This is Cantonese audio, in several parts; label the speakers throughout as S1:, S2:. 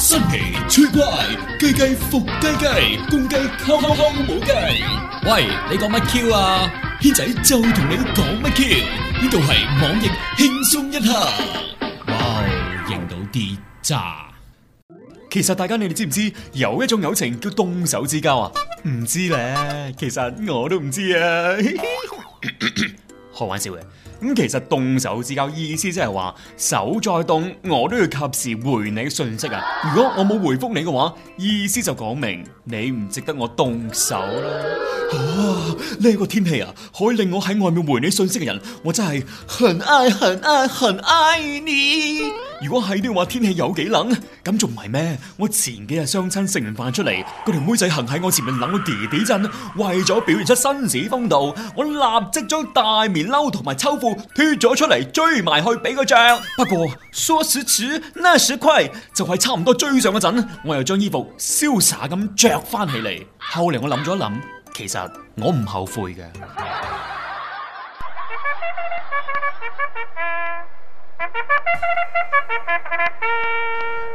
S1: 新奇趣怪，雞雞伏雞雞，公雞敲敲敲冇雞。喂，你講乜 Q 啊？軒仔就同你講乜 Q？呢度係網易輕鬆一刻。哇，認到啲渣。其實大家你哋知唔知有一種友情叫動手之交啊？唔知咧，其實我都唔知啊。開玩笑嘅。咁其實動手之交意思即係話手再動，我都要及時回你信息啊！如果我冇回復你嘅話，意思就講明你唔值得我動手啦。啊，呢個天氣啊，可以令我喺外面回你信息嘅人，我真係很愛、很愛、很愛你。如果係呢，要話天氣有幾冷，咁仲唔係咩？我前幾日相親食完飯出嚟，嗰條 妹仔行喺我前面冷到跌地震，為咗表現出紳士風度，我立即將大棉褸同埋秋褲脫咗出嚟追埋去俾佢着。 不過說時遲那時快，就係、是、差唔多追上嗰陣，我又將衣服瀟灑咁着翻起嚟。後嚟我諗咗一諗，其實我唔後悔嘅。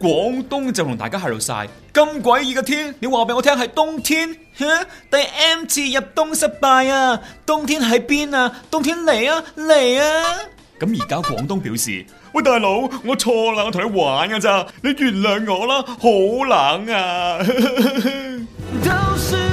S1: 廣東就同大家喺度晒，咁鬼熱嘅天，你話俾我聽係冬天？哼、啊，第 M 次入冬失敗啊！冬天喺邊啊？冬天嚟啊嚟啊！咁而家廣東表示，喂，大佬，我錯啦，我同你玩㗎咋，你原諒我啦，好冷啊！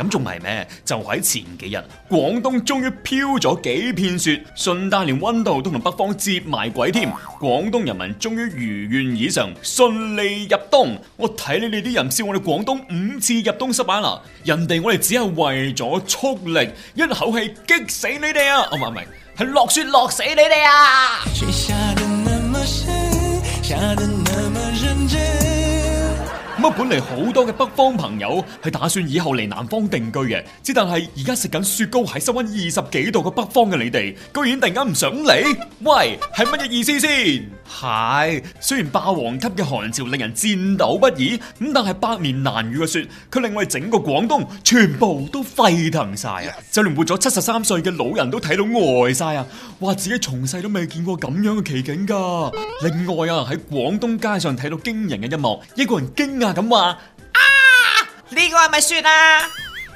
S1: 咁仲係咩？就喺前幾日，廣東終於飄咗幾片雪，順帶連溫度都同北方接埋軌添。廣東人民終於如願以償，順利入冬。我睇你哋啲人笑我哋廣東五次入冬失敗啦！人哋我哋只係為咗蓄力，一口氣激死你哋啊！哦，唔係唔係，係落雪落死你哋啊！乜本嚟好多嘅北方朋友係打算以後嚟南方定居嘅，只但係而家食緊雪糕喺室溫二十幾度嘅北方嘅你哋，居然突然間唔想嚟，喂，係乜嘢意思先？係，雖然霸王級嘅寒潮令人顫抖不已，咁但係百年難遇嘅雪，佢令我哋整個廣東全部都沸騰晒啊！就連活咗七十三歲嘅老人都睇到呆晒啊，話自己從細都未見過咁樣嘅奇景噶。另外啊，喺廣東街上睇到驚人嘅一幕，一個人驚訝咁話：啊，呢個係咪雪啊？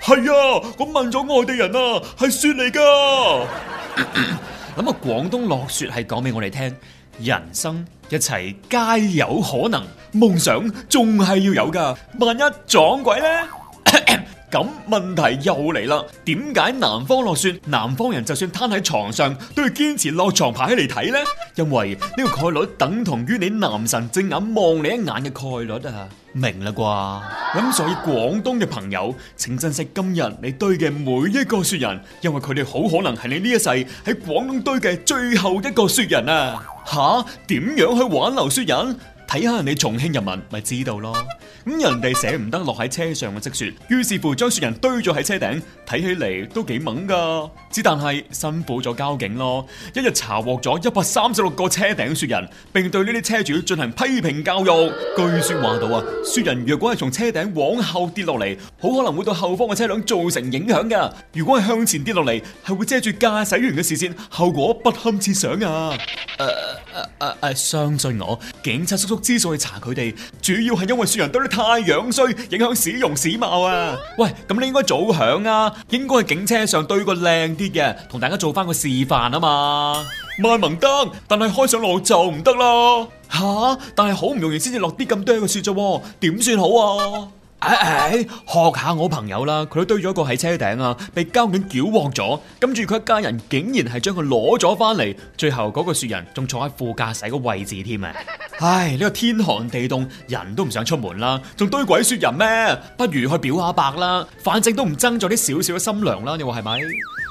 S1: 係啊，我問咗外地人啊，係雪嚟噶。咁啊，廣東落雪係講俾我哋聽。人生一切皆有可能，夢想仲係要有㗎，萬一撞鬼呢？咁問題又嚟啦？點解南方落雪，南方人就算攤喺床上都要堅持落床爬起嚟睇呢？因為呢個概率等同於你男神正眼望你一眼嘅概率啊！明啦啩？咁、嗯、所以廣東嘅朋友，請珍惜今日你堆嘅每一個雪人，因為佢哋好可能係你呢一世喺廣東堆嘅最後一個雪人啊！吓，點樣去挽留雪人？睇下人哋重慶人民咪知道咯，咁人哋捨唔得落喺車上嘅積雪，於是乎將雪人堆咗喺車頂，睇起嚟都幾猛噶。只但係辛苦咗交警咯，一日查獲咗一百三十六個車頂雪人，並對呢啲車主進行批評教育。據説話到啊，雪人如果係從車頂往後跌落嚟，好可能會對後方嘅車輛造成影響噶。如果係向前跌落嚟，係會遮住駕駛員嘅視線，後果不堪設想啊！誒誒誒，相信我，警察叔叔。之所以查佢哋，主要係因為雪人堆得太樣衰，影響市容市貌啊！喂，咁你應該早響啊，應該喺警車上對個靚啲嘅，同大家做翻個示範啊嘛。邁蒙登，但係開上路就唔得啦。吓、啊，但係好唔容易先至落啲咁多嘅雪咋、啊，點算好啊？唉、哎哎、學下我朋友啦，佢都堆咗個喺車頂啊，被交警繳獲咗。跟住佢一家人竟然係將佢攞咗翻嚟，最後嗰個雪人仲坐喺副駕駛個位置添啊！唉、呢、這個天寒地凍，人都唔想出門啦，仲堆鬼雪人咩？不如去表下白啦，反正都唔爭咗啲少少嘅心涼啦，你話係咪？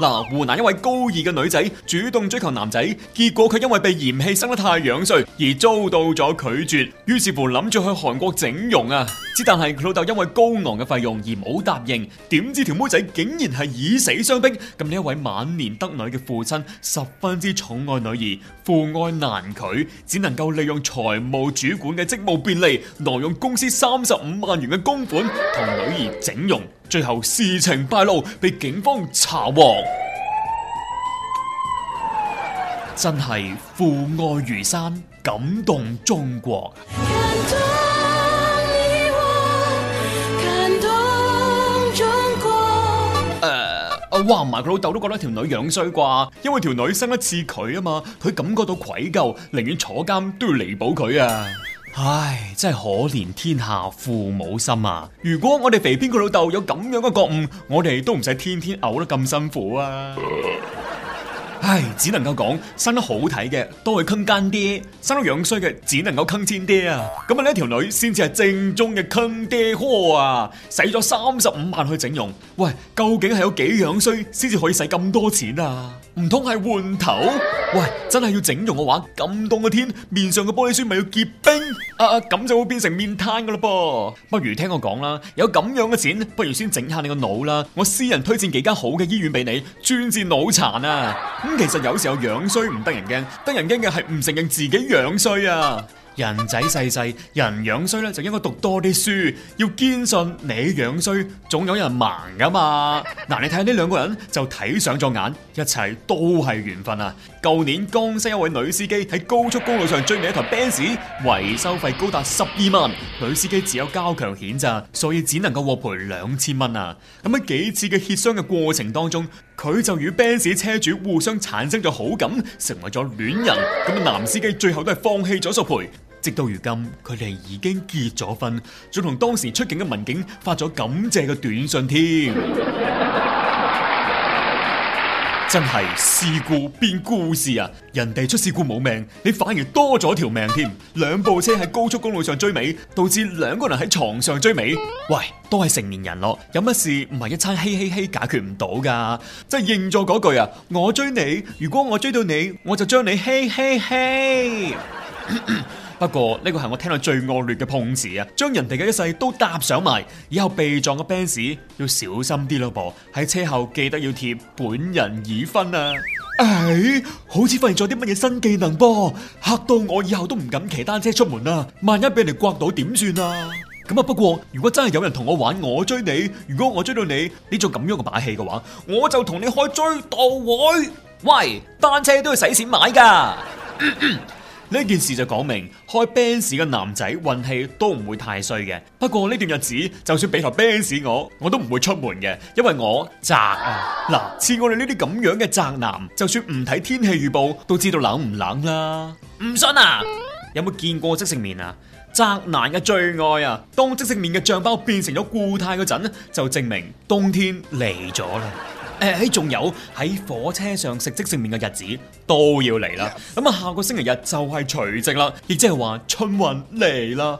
S1: 嗱，湖南一位高二嘅女仔主動追求男仔，結果佢因為被嫌棄生得太樣衰而遭到咗拒絕，於是乎諗住去韓國整容啊！只但係佢老豆因為高昂嘅費用而冇答應，點知條妹仔竟然係以死相逼。咁呢一位晚年得女嘅父親，十分之寵愛女兒，父愛難拒，只能夠利用財務主管嘅職務便利，挪用公司三十五萬元嘅公款同女兒整容。最後事情敗露，被警方查獲。真係父愛如山，感動中國。啊！哇，話唔埋佢老豆都覺得條女樣衰啩，因為條女生得似佢啊嘛，佢感覺到愧疚，寧願坐監都要彌補佢啊！唉，真係可憐天下父母心啊！如果我哋肥邊個老豆有咁樣嘅覺悟，我哋都唔使天天嘔得咁辛苦啊！啊唉，只能夠講生得好睇嘅都係坑乾爹，生得樣衰嘅只能夠坑親爹啊！咁啊，呢一條女先至係正宗嘅坑爹貨啊！使咗三十五萬去整容，喂，究竟係有幾樣衰先至可以使咁多錢啊？唔通係換頭？喂，真係要整容嘅話，咁凍嘅天面上嘅玻璃酸咪要結冰啊！咁就會變成面癱噶啦噃！不如聽我講啦，有咁樣嘅錢，不如先整下你個腦啦！我私人推薦幾間好嘅醫院俾你，專治腦殘啊！嗯其實有時候，樣衰唔得人驚，得人驚嘅係唔承認自己樣衰啊！人仔細細，人樣衰咧就應該讀多啲書，要堅信你樣衰，總有人盲㗎嘛。嗱，你睇下呢兩個人就睇上咗眼。一切都係緣分啊！舊年江西一位女司機喺高速公路上追尾一台奔馳，維修費高達十二萬，女司機只有交強險咋，所以只能夠獲賠兩千蚊啊！咁喺幾次嘅協商嘅過程當中，佢就與奔馳車主互相產生咗好感，成為咗戀人。咁男司機最後都係放棄咗索賠，直到如今，佢哋已經結咗婚，仲同當時出警嘅民警發咗感謝嘅短信添。 真係事故變故事啊！人哋出事故冇命，你反而多咗條命添。兩部車喺高速公路上追尾，導致兩個人喺床上追尾。喂，都係成年人咯，有乜事唔係一餐嘿嘿嘿解決唔到噶？真係應咗嗰句啊，我追你，如果我追到你，我就將你嘿嘿嘿。 不過呢個係我聽到最惡劣嘅碰瓷啊！將人哋嘅一世都搭上埋，以後被撞嘅 band 要小心啲咯噃！喺車後記得要貼本人已婚啊！唉、哎，好似發現咗啲乜嘢新技能噃，嚇到我以後都唔敢騎單車出門啦、啊！萬一俾人哋刮到點算啊？咁啊，不過如果真係有人同我玩，我追你，如果我追到你，你做咁樣嘅把戲嘅話，我就同你開追悼會！喂，單車都要使錢買噶。嗯嗯呢件事就講明開 band 嘅男仔運氣都唔會太衰嘅。不過呢段日子，就算俾台 band 我，我都唔會出門嘅，因為我宅啊。嗱，似我哋呢啲咁樣嘅宅男，就算唔睇天氣預報，都知道冷唔冷啦。唔信啊？有冇見過即食麵啊？宅男嘅最愛啊，當即食麵嘅醬包變成咗固態嗰陣，就證明冬天嚟咗啦。誒，喺仲、哎、有喺火車上食即食麵嘅日子都要嚟啦！咁啊，下個星期日就係除夕啦，亦即係話春運嚟啦。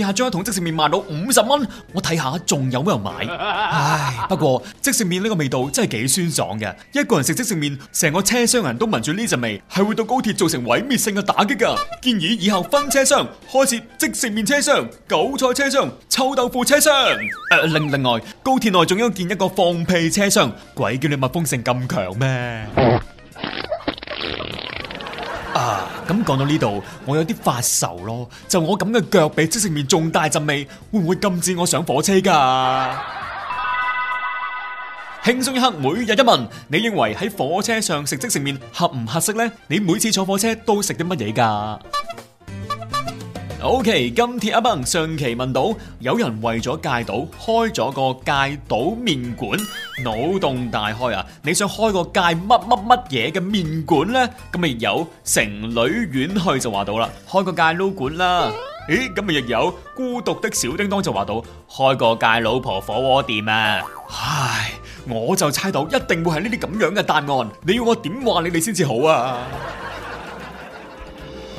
S1: 下將一桶即食麵賣到五十蚊，我睇下仲有冇人買。唉，不過即食麵呢個味道真係幾酸爽嘅。一個人食即食麵，成個車廂人都聞住呢陣味，係會對高鐵造成毀滅性嘅打擊噶。建議以後分車廂，開設即食麵車廂、韭菜車廂、臭豆腐車廂。另、呃、另外，高鐵內仲要建一個放屁車廂，鬼叫你密封性咁強咩？ 啊、咁講到呢度，我有啲發愁咯。就我咁嘅腳比即食麵仲大陣味，會唔會禁止我上火車噶？輕鬆 一刻，每日一問，你認為喺火車上食即食麵合唔合適呢？你每次坐火車都食啲乜嘢噶？O、okay, K，今次阿鵬上期問到有人為咗戒賭開咗個戒賭麵館，腦洞大開啊！你想開個戒乜乜乜嘢嘅麵館呢？咁咪有，情女院去就話到啦，開個戒撈館啦。誒，咁咪又有孤獨的小叮噹就話到開個戒老婆火鍋店啊！唉，我就猜到一定會係呢啲咁樣嘅答案，你要我點話你哋先至好啊？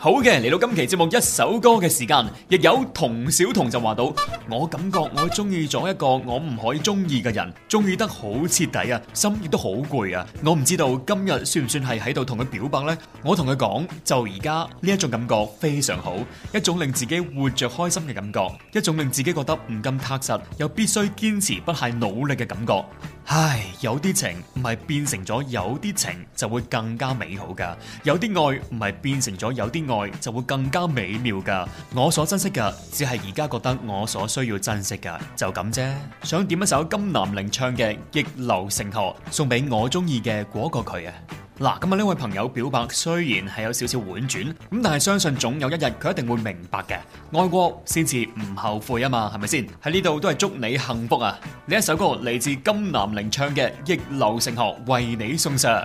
S1: 好嘅，嚟到今期節目一首歌嘅時間，亦有童小童就話到，我感覺我中意咗一個我唔可以中意嘅人，中意得好徹底啊，心亦都好攰啊，我唔知道今日算唔算係喺度同佢表白呢？我同佢講，就而家呢一種感覺非常好，一種令自己活着開心嘅感覺，一種令自己覺得唔咁踏實又必須堅持不懈努力嘅感覺。唉，有啲情唔係變成咗有啲情就會更加美好噶，有啲愛唔係變成咗有啲愛就會更加美妙噶，我所珍惜嘅，只係而家覺得我所需要珍惜嘅，就咁啫。想點一首金南玲唱嘅《逆流成河》送俾我中意嘅嗰個佢啊！嗱，咁啊呢位朋友表白雖然係有少少婉轉，咁但係相信總有一日佢一定會明白嘅。愛過先至唔後悔啊嘛，係咪先？喺呢度都係祝你幸福啊！呢一首歌嚟自金南玲唱嘅《逆流成河》，為你送上。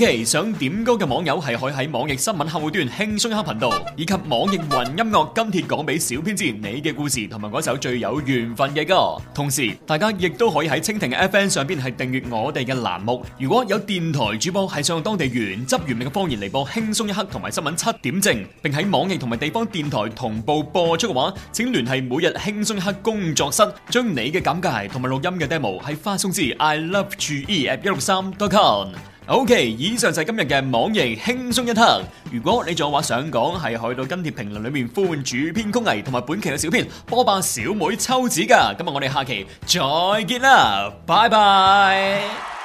S1: O.K. 想點歌嘅網友係可以喺網易新聞客戶端輕鬆一刻頻道，以及網易雲音樂今帖講俾小編知你嘅故事同埋嗰首最有緣分嘅歌。同時，大家亦都可以喺蜻蜓嘅 F.M. 上邊係訂閱我哋嘅欄目。如果有電台主播係想用當地原汁原味嘅方言嚟播輕鬆一刻同埋新聞七點正，並喺網易同埋地方電台同步播出嘅話，請聯繫每日輕鬆一刻工作室，將你嘅簡介同埋錄音嘅 demo 喺發送至 I Love GE at 一六三 .com。O、okay, K，以上就係今日嘅網易輕鬆一刻。如果你仲有話想講，係去到跟帖評論裏面呼籲主編曲藝同埋本期嘅小編波霸小妹秋子㗎。今日我哋下期再見啦，拜拜。 bye bye